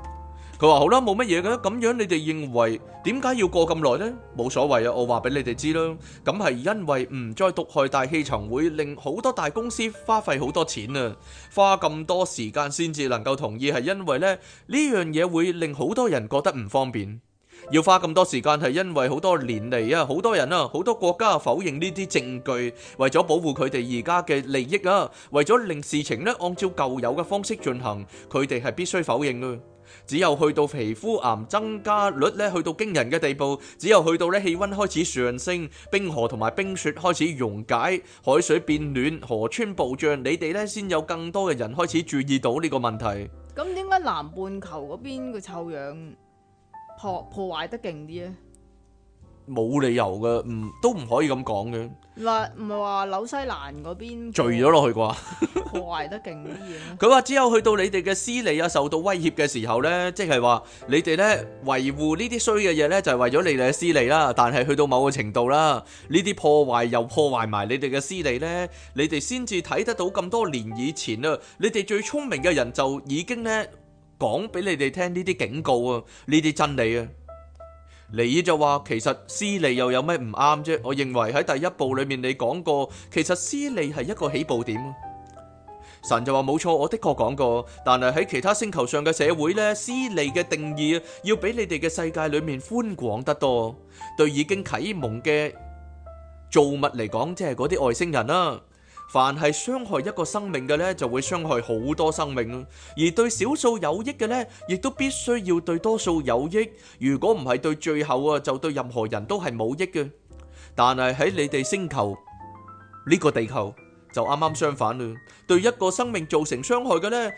佢話好啦，冇乜嘢嘅，咁樣。你哋認為點解要過咁耐呢？冇所謂啊，我話俾你哋知啦。咁係因為唔再毒害大氣層會令好多大公司花費好多錢啊，花咁多時間先至能夠同意，係因為呢呢樣嘢會令好多人覺得唔方便。要花咁多時間係因為好多年嚟啊，好多人啊，好多國家否認呢啲證據，為咗保護佢哋而家嘅利益啊，為咗令事情呢按照舊有嘅方式進行，佢哋係必須否認啊。只有去到皮膚癌增加率咧，去到驚人嘅地步；只有去到咧氣温開始上升，冰河同埋冰雪開始溶解，海水變暖，河川暴漲，你哋咧先有更多嘅人開始注意到呢個問題。咁點解南半球嗰邊個臭氧破破壞得勁啲呢？冇理由嘅，唔都唔可以咁講嘅。唔係唔係話紐西蘭嗰邊，墜咗落去啩，破壞得勁啲嘢。佢話只有去到你哋嘅私利啊受到威脅嘅時候呢，即係話你哋呢維護呢啲衰嘅嘢呢，就係為咗你哋嘅私利啦、啊。但係去到某個程度啦，呢啲破壞又破壞埋你哋嘅私利呢，你哋先至睇得到。咁多年以前啊，你哋最聰明嘅人就已經呢講俾你哋聽呢啲警告啊，呢啲真理啊。尼爾就話，其實私利又有咩唔啱啫？我認為喺第一部裏面你講過，其實私利係一個起步點。神就話冇錯，我的確講過，但係喺其他星球上嘅社會呢，私利嘅定義要比你哋嘅世界裏面寬廣得多。對已經啟蒙嘅造物嚟講，即係嗰啲外星人啦。凡係傷害一個生命嘅，呢，就會傷害好多生命。而對少數有益嘅呢，亦都必須要對多數有益。如果唔係對最後啊，就對任何人都係冇益嘅。但係喺你哋星球呢個地球就啱啱相反啦。對一個生命造成傷害嘅呢，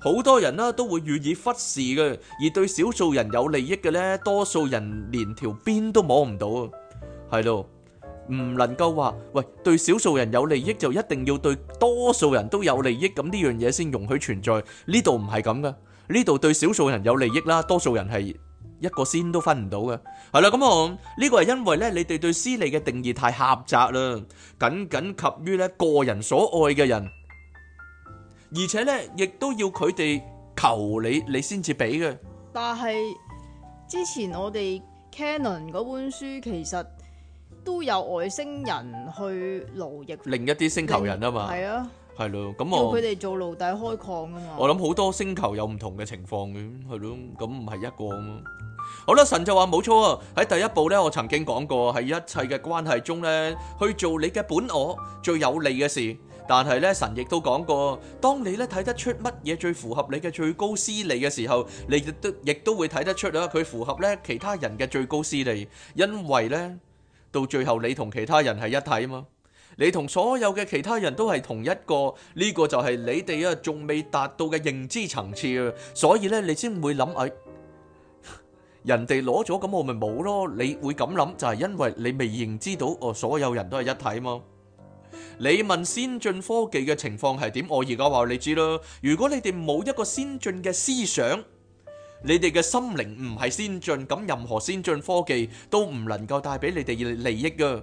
好多人呢都會予以忽視嘅。而對少數人有利益嘅呢，多數人連條邊都摸唔到啊。係咯。唔能夠話喂，對少數人有利益就一定要對多數人都有利益，咁呢樣嘢先容許存在。呢度唔係咁噶，呢度對少數人有利益啦，多數人係一個仙都分唔到噶。係啦，咁我呢個係因為咧，你哋對私利嘅定義太狹窄啦，僅僅及於咧個人所愛嘅人，而且咧亦都要佢哋求你，你先至俾嘅。但係之前我哋 Canon 嗰本書其實。都有外星人去奴役另一啲星球人啊嘛，係啊，係咯，咁我叫佢哋做奴隸開礦啊嘛。我諗好多星球有唔同嘅情況嘅，係咯，咁唔係一個啊嘛。好啦，神就話冇錯喎，喺第一部咧，我曾經講過喺一切嘅關係中咧，去做你嘅本我最有利嘅事。但係咧，神亦都講過，當你咧睇得出乜嘢最符合你嘅最高私利嘅時候，你亦都亦都會睇得出啦，佢符合咧其他人嘅最高私利，因為咧。到最後你同其他人係一體嘛？你同所有嘅其他人都係同一個，呢個就係你哋啊仲未達到嘅認知層次啊！所以咧，你先會諗，哎，人哋攞咗咁我咪冇咯？你會咁諗就係因為你未認知到哦，所有人都係一體嘛？你問先進科技嘅情況係點？我而家話你知啦。如果你哋冇一個先進嘅思想。你哋嘅心靈唔係先進，咁任何先進科技都唔能夠帶俾你哋利益噶。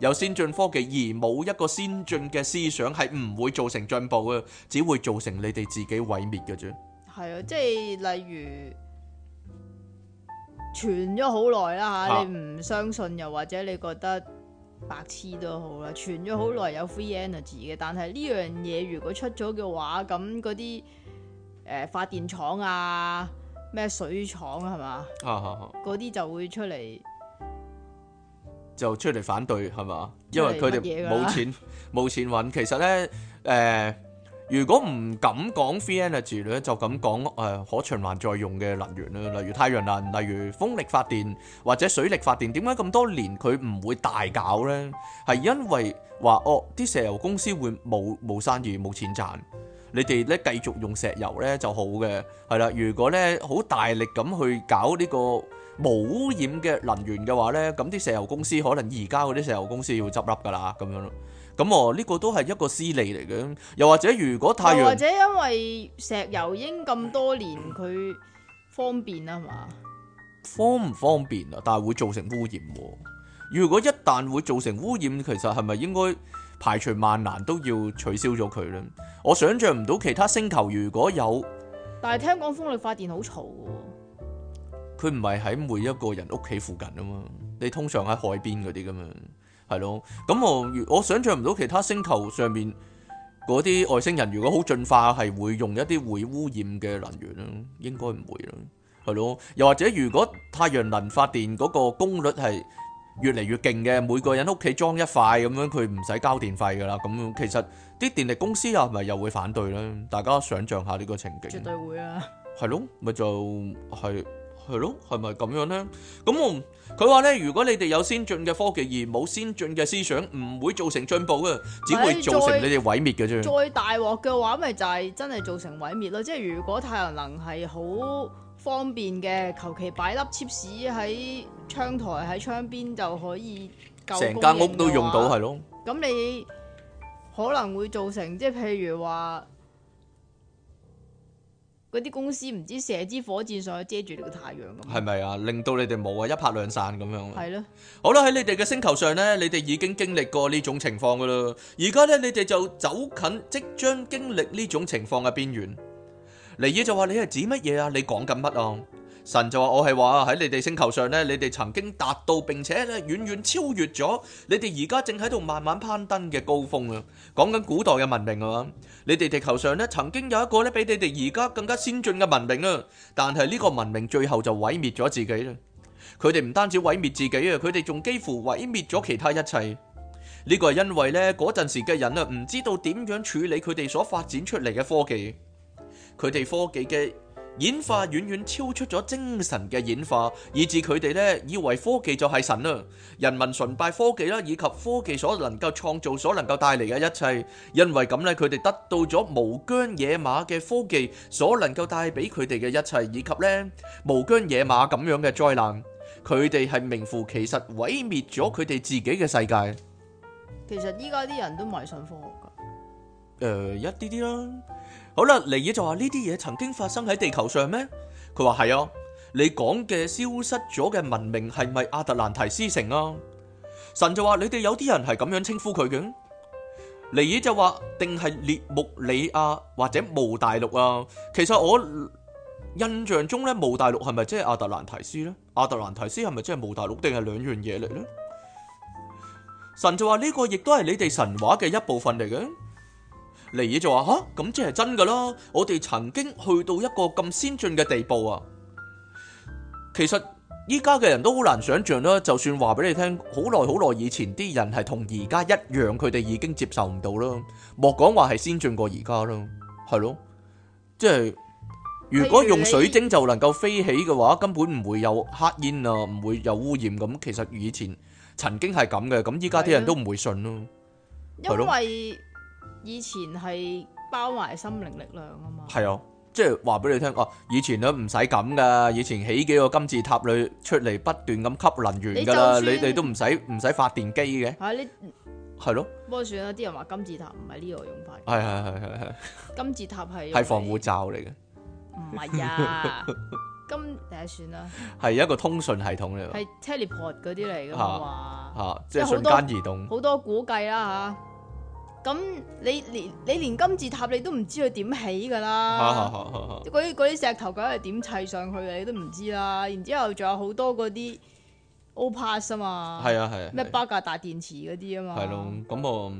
有先進科技而冇一個先進嘅思想，係唔會造成進步嘅，只會造成你哋自己毀滅嘅啫。係啊，即係例如傳咗好耐啦吓，你唔相信又或者你覺得白痴都好啦，傳咗好耐有 free energy 嘅，但係呢樣嘢如果出咗嘅話，咁嗰啲誒發電廠啊。咩水廠啊係嘛，嗰啲、啊啊啊、就會出嚟，就出嚟反對係嘛，因為佢哋冇錢冇 錢揾。其實呢，誒、呃，如果唔敢講 free energy 咧，就咁講誒可循環再用嘅能源啦，例如太陽能，例如風力發電或者水力發電。點解咁多年佢唔會大搞呢？係因為話哦，啲石油公司會冇冇生意冇錢賺。你哋咧繼續用石油咧就好嘅，係啦。如果咧好大力咁去搞呢個冇污染嘅能源嘅話咧，咁啲石油公司可能而家嗰啲石油公司要執笠噶啦，咁樣咯。咁哦呢個都係一個私利嚟嘅。又或者如果太陽，又或者因為石油應咁多年佢方便啊嘛？方唔方便啊？但係會造成污染。如果一旦會造成污染，其實係咪應該？排除萬難都要取消咗佢啦！我想象唔到其他星球如果有，但係聽講風力發電好嘈噶喎。佢唔係喺每一個人屋企附近啊嘛？你通常喺海邊嗰啲噶嘛？係咯？咁我我想象唔到其他星球上面嗰啲外星人如果好進化，係會用一啲會污染嘅能源咯，應該唔會咯，係咯？又或者如果太陽能發電嗰個功率係？越嚟越勁嘅，每個人屋企裝一塊咁樣，佢唔使交電費噶啦。咁其實啲電力公司啊，係咪又會反對啦？大家想象下呢個情景。絕對會啊！係咯，咪就係、就、係、係、咯，係咪咁樣咧？咁佢話咧，如果你哋有先進嘅科技而冇先進嘅思想，唔會造成進步嘅，只會造成你哋毀滅嘅啫。再大鑊嘅話，咪就係、係、真係造成毀滅咯。即係如果太陽能係好方便嘅，求其擺粒 chip 喺窗台喺窗邊就可以，成間屋都用到係咯。咁你可能會造成，即係譬如話嗰啲公司唔知射支火箭上去遮住你個太陽咁。係咪啊？令到你哋冇啊，一拍兩散咁樣。係咯。好啦，喺你哋嘅星球上呢，你哋已經經歷過呢種情況噶啦。而家呢，你哋就走近即將經歷呢種情況嘅邊緣。尼爾就話：你係指乜嘢啊？你講緊乜啊？神就話：我係話喺你哋星球上呢，你哋曾經達到並且咧遠遠超越咗你哋而家正喺度慢慢攀登嘅高峰啊！講緊古代嘅文明啊，你哋地球上呢曾經有一個呢比你哋而家更加先進嘅文明啊，但係呢個文明最後就毀滅咗自己啦。佢哋唔單止毀滅自己啊，佢哋仲幾乎毀滅咗其他一切。呢個係因為呢嗰陣時嘅人啊，唔知道點樣處理佢哋所發展出嚟嘅科技，佢哋科技嘅。演化遠遠超出咗精神嘅演化，以致佢哋咧，以為科技就係神啦，人民崇拜科技啦，以及科技所能夠創造、所能夠帶嚟嘅一切。因為咁咧，佢哋得到咗無疆野馬嘅科技所能夠帶俾佢哋嘅一切，以及咧無疆野馬咁樣嘅災難。佢哋係名副其實毀滅咗佢哋自己嘅世界。其實依家啲人都迷信科學噶，誒，一啲啲啦。好啦，尼爾就話呢啲嘢，曾經發生喺地球上咩？佢話係啊。你講嘅消失咗嘅文明係咪亞特蘭提斯城啊？神就話，你哋有啲人係咁樣稱呼佢嘅。尼爾就話，定係列木里亞或者姆大陸啊？其實我印象中咧，姆大陸係咪即係亞特蘭提斯咧？亞特蘭提斯係咪即係姆大陸，定係兩樣嘢嚟咧？神就話呢個亦都係你哋神話嘅一部分嚟嘅。嚟嘢就話吓，咁即係真噶啦！我哋曾經去到一個咁先進嘅地步啊！其實依家嘅人都好難想象啦，就算話俾你聽，好耐好耐以前啲人係同而家一樣，佢哋已經接受唔到咯。莫講話係先進過而家咯，係咯，即係如果用水晶就能夠飛起嘅話，根本唔會有黑煙啊，唔會有污染咁。其實以前曾經係咁嘅，咁依家啲人都唔會信咯，係咯。以前係包埋心靈力量啊嘛，係啊，即係話俾你聽啊，以前都唔使咁噶，以前起幾個金字塔裏出嚟不斷咁吸能源噶啦，你哋都唔使唔使發電機嘅，係你係咯，不過算啦，啲人話金字塔唔係呢個用法。係係係係係，金字塔係係防護罩嚟嘅，唔係啊，金誒算啦，係一個通訊系統嚟，係 teleport 嗰啲嚟噶嘛，吓，即係瞬間移動，好多估計啦吓。咁你連你連金字塔你都唔知佢點起㗎啦，嗰啲嗰啲石頭梗係點砌上去嘅，你都唔知啦。然之後仲有好多嗰啲 opas 啊嘛，係啊係，咩、啊啊啊、巴格達電池嗰啲啊嘛，係咯、啊。咁我。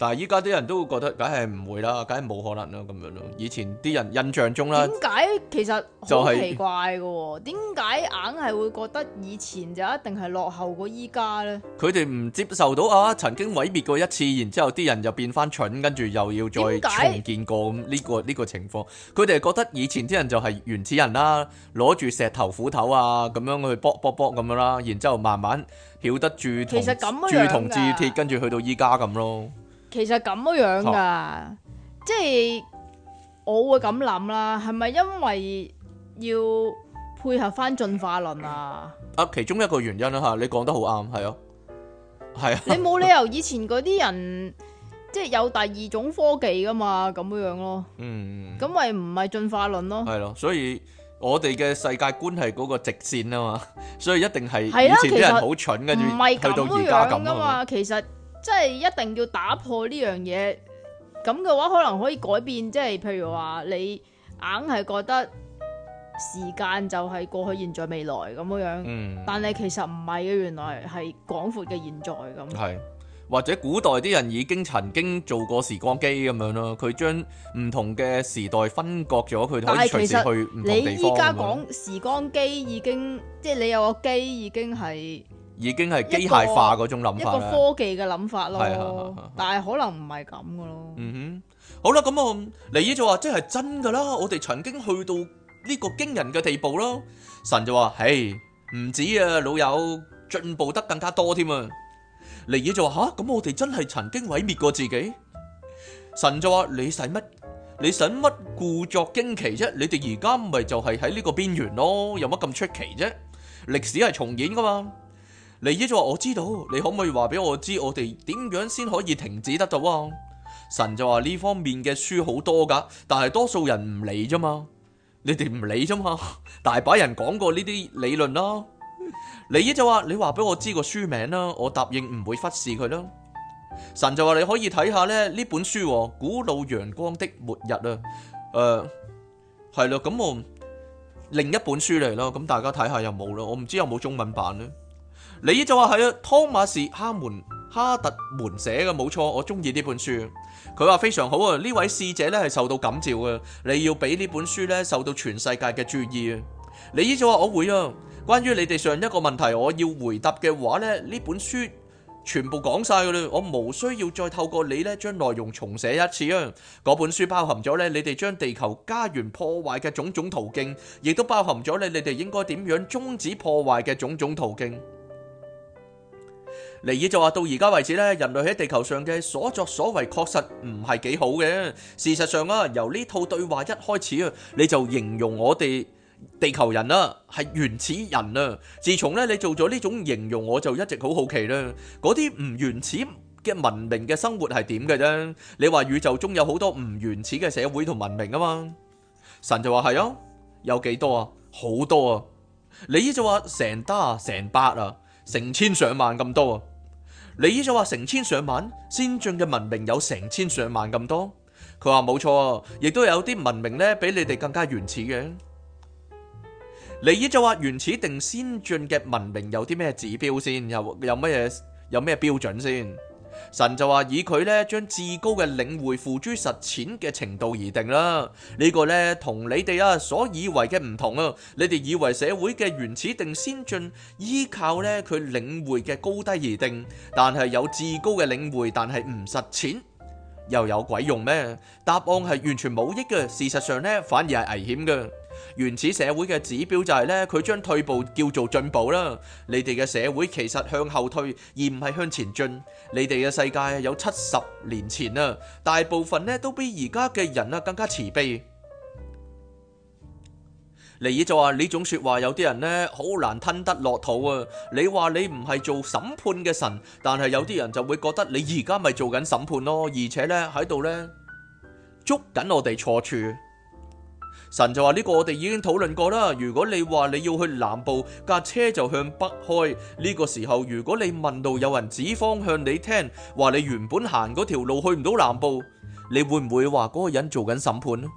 但係依家啲人都會覺得，梗係唔會啦，梗係冇可能啦咁樣咯。以前啲人印象中啦、就是，點解其實就係奇怪嘅喎？點解硬係會覺得以前就一定係落後過依家呢？佢哋唔接受到啊，曾經毀滅過一次，然之後啲人又變翻蠢，跟住又要再重建過咁、這、呢個呢、這個這個情況。佢哋係覺得以前啲人就係原始人啦，攞住石頭斧頭啊咁樣去卜卜卜咁樣啦，然之後慢慢曉得住其銅、住同冶鐵，跟住去到依家咁咯。其實咁樣噶，哦、即係我會咁諗啦，係咪因為要配合翻進化論啊？啊，其中一個原因啦吓，你講得好啱，係咯，係啊。啊你冇理由以前嗰啲人 即係有第二種科技噶嘛，咁樣咯。嗯，咁咪唔係進化論咯？係咯、啊，所以我哋嘅世界觀係嗰個直線啊嘛，所以一定係以前啲人好蠢噶，唔係咁樣樣噶嘛，其實。嘛即係一定要打破呢樣嘢，咁嘅話可能可以改變，即係譬如話你硬係覺得時間就係過去、現在、未來咁樣，嗯、但係其實唔係嘅，原來係廣闊嘅現在咁。係或者古代啲人已經曾經做過時光機咁樣咯，佢將唔同嘅時代分割咗，佢可以隨時去唔同地方。但係其實你依家講時光機已經，即係你有個機已經係。已經係機械化嗰種諗法，一個科技嘅諗法咯。係啊， 但係可能唔係咁嘅咯。嗯哼，好啦，咁啊，尼爾就話：即係真㗎啦，我哋曾經去到呢個驚人嘅地步咯。神就話：唉，唔止啊，老友進步得更加多添啊。尼爾就話：吓，咁我哋真係曾經毀滅過自己？神就話：你使乜？你使乜故作驚奇啫？你哋而家咪就係喺呢個邊緣咯，有乜咁出奇啫？歷史係重演㗎嘛。利姨就話，我知道，你可唔可以話俾我知，我哋點樣先可以停止得到啊？神就話，呢方面嘅書好多噶，但係多數人唔理咋嘛？你哋唔理咋嘛？大把人講過呢啲理論啦、啊。利姨就話，你話俾我知個書名啦，我答應唔會忽視佢啦。神就話，你可以睇下咧呢本書《古老陽光的末日》啊，誒係咯，咁我另一本書嚟咯，咁大家睇下有冇啦？我唔知有冇中文版咧。李姨就話係啊，湯馬士哈門哈特門寫嘅冇錯，我中意呢本書。佢話非常好啊，呢位使者咧係受到感召嘅，你要俾呢本書咧受到全世界嘅注意。啊。李姨就話我會啊。關於你哋上一個問題，我要回答嘅話咧，呢本書全部講晒噶啦，我無需要再透過你咧將內容重寫一次啊。嗰本書包含咗咧，你哋將地球家園破壞嘅種種途徑，亦都包含咗咧，你哋應該點樣終止破壞嘅種種途徑。尼爾就話到而家為止咧，人類喺地球上嘅所作所為確實唔係幾好嘅。事實上啊，由呢套對話一開始啊，你就形容我哋地球人啦係原始人啊。自從咧你做咗呢種形容，我就一直好好奇啦。嗰啲唔原始嘅文明嘅生活係點嘅啫？你話宇宙中有好多唔原始嘅社會同文明啊嘛？神就話係啊，有幾多啊？好多啊！尼爾就話成打、成百啊。成千上萬咁多，啊。尼爾就話，成千上萬先進嘅文明有成千上萬咁多，佢話，冇錯，亦都有啲文明呢，比你哋更加原始嘅。尼爾就話，原始定先進嘅文明有啲咩指標先？有有乜嘢？有咩標準先？神就話以佢咧將至高嘅領會付諸實踐嘅程度而定啦，呢個呢，同你哋啊所以為嘅唔同啊，你哋以為社會嘅原始定先進依靠呢佢領會嘅高低而定，但係有至高嘅領會，但係唔實踐，又有鬼用咩？答案係完全冇益嘅，事實上呢，反而係危險嘅。原始社會嘅指標就係咧，佢將退步叫做進步啦。你哋嘅社會其實向後退，而唔係向前進。你哋嘅世界有七十年前啊，大部分呢都比而家嘅人啊更加慈悲。尼爾就話呢種說話，有啲人呢好難吞得落肚啊。你話你唔係做審判嘅神，但係有啲人就會覺得你而家咪做緊審判咯，而且呢，喺度呢捉緊我哋錯處。神就話呢個我哋已經討論過啦。如果你話你要去南部，架車就向北開。呢個時候如果你問到有人指方向你聽，話你原本行嗰條路去唔到南部，你會唔會話嗰個人做緊審判呢？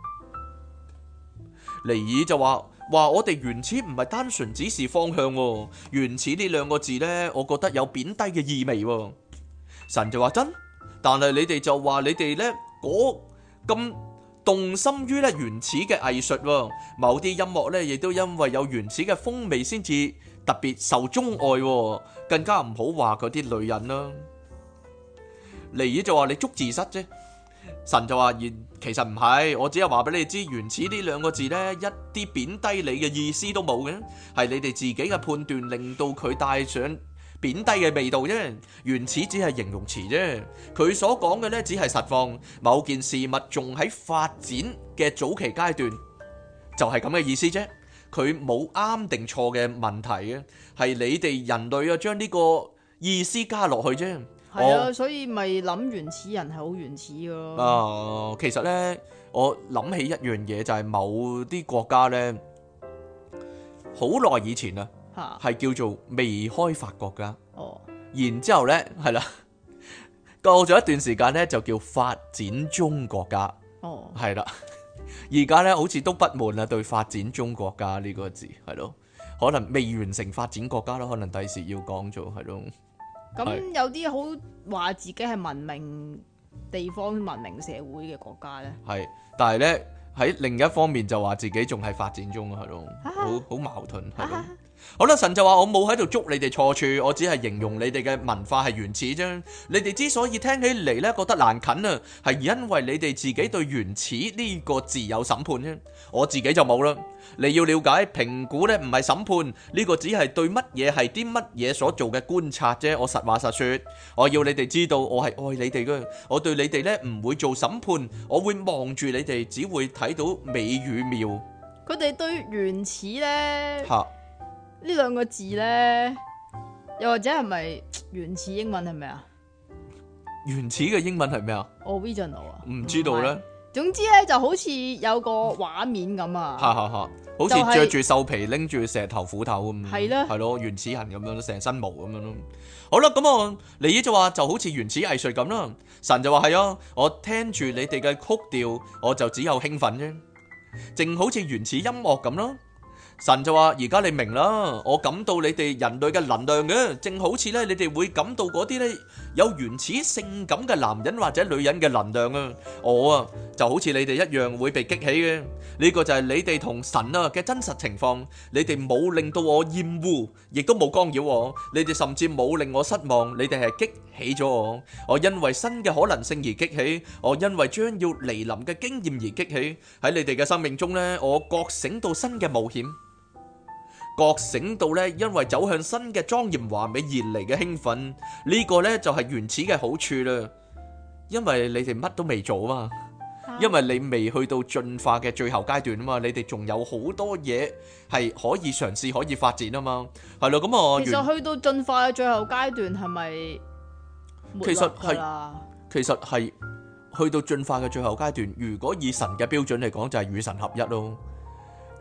尼爾就話：話我哋原始唔係單純指示方向，原始呢兩個字呢，我覺得有貶低嘅意味。神就話真，但係你哋就話你哋呢嗰咁。動心於咧原始嘅藝術，某啲音樂呢，亦都因為有原始嘅風味，先至特別受鍾愛。更加唔好話嗰啲女人啦。尼爾就話，你捉字蝨啫。神就話而其實唔係，我只係話俾你知，原始呢兩個字呢，一啲貶低你嘅意思都冇嘅，係你哋自己嘅判斷令到佢帶上，貶低嘅味道啫，原始只係形容詞啫。佢所講嘅咧，只係實況，某件事物仲喺發展嘅早期階段，就係咁嘅意思啫。佢冇啱定錯嘅問題嘅，係你哋人類啊，將呢個意思加落去啫。係啊，所以咪諗原始人係好原始嘅。啊，其實咧，我諗起一樣嘢就係某啲國家咧，好耐以前啦。係叫做未開發國家，哦，然之後呢係啦， 過咗一段時間呢，就叫發展中國家，哦，係啦是了，而 家呢，好似都不滿啊，對發展中國家呢個字係咯，可能未完成發展國家咯，可能第時要講咗。係咯，咁有啲好話自己係文明地方、文明社會嘅國家呢。係，但係呢，喺另一方面就話自己仲係發展中係咯，好好哈矛盾係咯。好啦，神就話我冇喺度捉你哋錯處，我只係形容你哋嘅文化係原始啫。你哋之所以聽起嚟咧覺得難啃啊，係因為你哋自己對原始呢個字有審判啫。我自己就冇啦。你要了解評估呢唔係審判呢個，只係對乜嘢係啲乜嘢所做嘅觀察啫。我實話實說，我要你哋知道我係愛你哋嘅，我對你哋呢唔會做審判，我會望住你哋，只會睇到美與妙。佢哋對原始呢。吓。呢兩個字咧，又或者係咪原始英文係咩啊？原始嘅英文係咩啊？Original 啊？唔知道咧。總之咧就好似有個畫面咁啊。係係係，好似着住獸皮，拎住石頭斧頭咁。係啦的，係咯，原始人咁樣，成身毛咁樣咯。好啦，咁我利耶就話就好似原始藝術咁啦。神就話係啊，我聽住你哋嘅曲調，我就只有興奮啫，正好似原始音樂咁咯。神就話：而家你明啦，我感到你哋人類嘅能量嘅，正好似咧你哋會感到嗰啲咧有原始性感嘅男人或者女人嘅能量啊！我啊就好似你哋一樣會被激起嘅，呢個就係你哋同神啊嘅真實情況。你哋冇令到我厭惡，亦都冇干擾我，你哋甚至冇令我失望，你哋係激起咗我。我因為新嘅可能性而激起，我因為將要來臨嘅經驗而激起。喺你哋嘅生命中咧，我覺醒到新嘅冒險。覺醒到咧，因為走向新嘅莊嚴華美而嚟嘅興奮，呢個呢就係原始嘅好處啦。因為你哋乜都未做啊嘛，因為你未去到進化嘅最後階段啊嘛，你哋仲有好多嘢係可以嘗試可以發展啊嘛。係咯，咁啊，其實去到進化嘅最後階段係咪？其實係，其實係去到進化嘅最後階段。如果以神嘅標準嚟講，就係與神合一咯。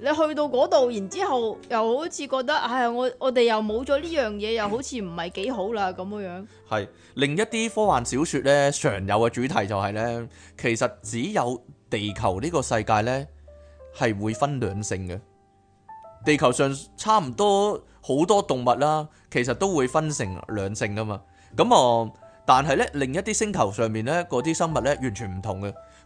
你去到嗰度，然之後又好似覺得，唉、哎，我我哋又冇咗呢樣嘢，又好似唔係幾好啦咁樣。係另一啲科幻小説呢，常有嘅主題就係呢：「其實只有地球呢個世界呢，係會分兩性嘅。地球上差唔多好多動物啦，其實都會分成兩性噶嘛。」咁啊、呃，但係呢，另一啲星球上面呢，嗰啲生物呢，完全唔同嘅。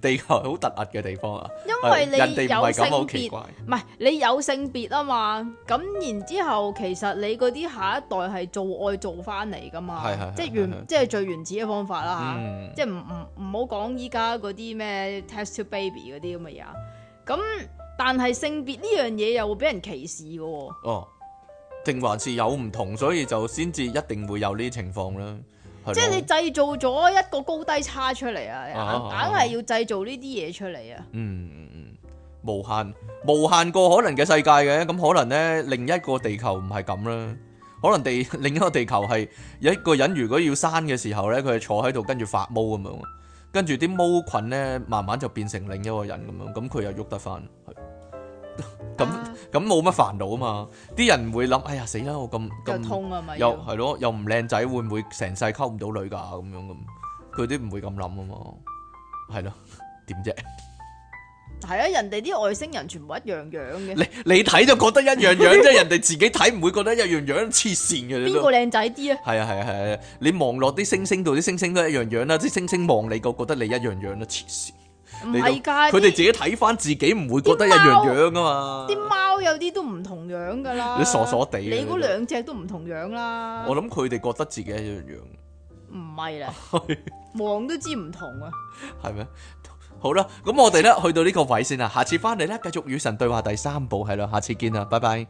地球好突兀嘅地方啊，因為你有性別，唔係你有性別啊嘛，咁然之後其實你嗰啲下一代係做愛做翻嚟噶嘛， 即原 即係最原始嘅方法啦吓，嗯、即唔唔唔好講依家嗰啲咩 test to baby 嗰啲咁嘅嘢，咁但係性別呢樣嘢又會俾人歧視嘅喎。哦，定還、哦、是有唔同，所以就先至一定會有呢啲情況啦。即係你製造咗一個高低差出嚟啊，梗係要製造呢啲嘢出嚟啊。嗯嗯嗯，無限無限過可能嘅世界嘅，咁可能呢，另一個地球唔係咁啦，可能地另一個地球係有一個人如果要生嘅時候呢，佢係坐喺度跟住發毛咁樣，跟住啲毛菌呢，慢慢就變成另一個人咁樣，咁佢又喐得翻。咁咁冇乜煩惱啊嘛，啲人唔會諗，哎呀死啦，我咁咁痛啊嘛，又係咯，又唔靚仔，會唔會成世溝唔到女噶咁樣咁，佢哋唔會咁諗啊嘛，係咯，點啫？係啊，人哋啲外星人全部一樣樣嘅，你你睇就覺得一樣樣，即係，人哋自己睇唔會覺得一樣樣，黐線嘅你都。邊個靚仔啲啊？係啊係啊係啊，你望落啲星星度啲星星都一樣樣啦，啲星星望你個覺得你一樣樣都黐線。唔係佢哋自己睇翻自己，唔會覺得一樣樣噶嘛。啲貓貓有啲都唔同樣噶啦。 你傻傻地，你嗰兩隻都唔同樣啦。我諗佢哋覺得自己一樣樣，唔係啦，望 都知唔同啊。係咩？好啦，咁我哋咧去到呢個位先啦。下次翻嚟咧，繼續與神對話第三部。係啦。下次見啦，拜拜。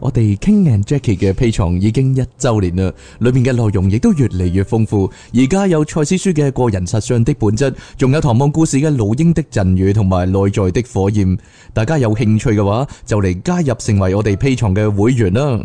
我哋 King and Jackie 嘅 Patreon 已經一周年啦，裏面嘅內容亦都越嚟越豐富。而家有賽斯書嘅個人實相的本質，仲有唐望故事嘅老鷹的贈予同埋內在的火焰。大家有興趣嘅話，就嚟加入成為我哋 Patreon 嘅會員啦。